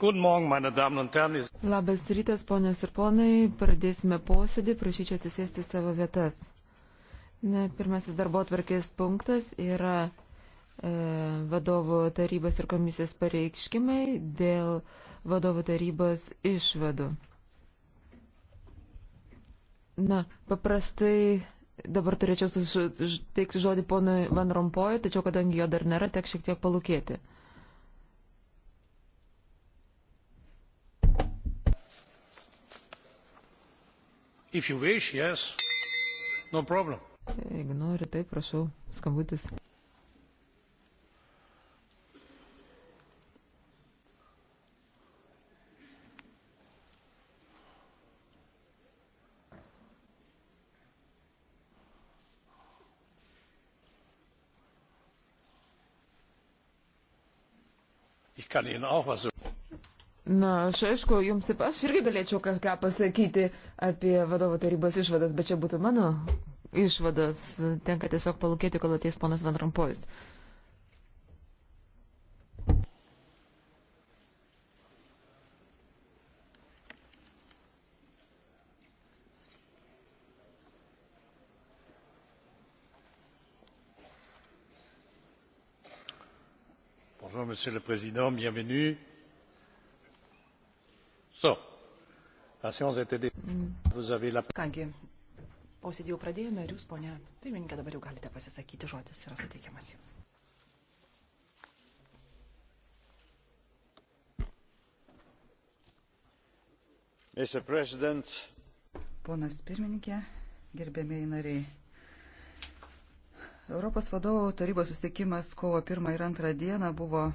Labas rytas, ponios ir ponai, pradėsime posėdį, prašyčiau atsisėsti savo vietas. Na, pirmasis darbo atvarkės punktas yra e, vadovų tarybos ir komisijos pareikškimai dėl vadovų tarybos išvadų. Na, paprastai dabar turėčiau suteikti žodį ponui Van Rompojui, tačiau kadangi jo dar nėra, tek šiek tiek palūkėti. If you wish, yes. No problem. Jeigu nori, taip, prašau, skambutis. Ich kann Ihnen auch was Na, aš aišku, jums taip aš irgi galėčiau kažką pasakyti apie vadovo tarybos išvadas, bet čia būtų mano išvadas. Tenka tiesiog palūkėti, kol ateis ponas Van Rampojus. Bonjour, Monsieur le Président, bienvenue. So, mm. Kągi, posėdį jau pradėjome ir jūs, ponia pirmininkė, dabar jau galite pasisakyti, žodis yra suteikiamas jums. Ponas pirmininkė, gerbėmiai nariai. Europos vadovų tarybos susitikimas kovo 1 ir 2 dieną buvo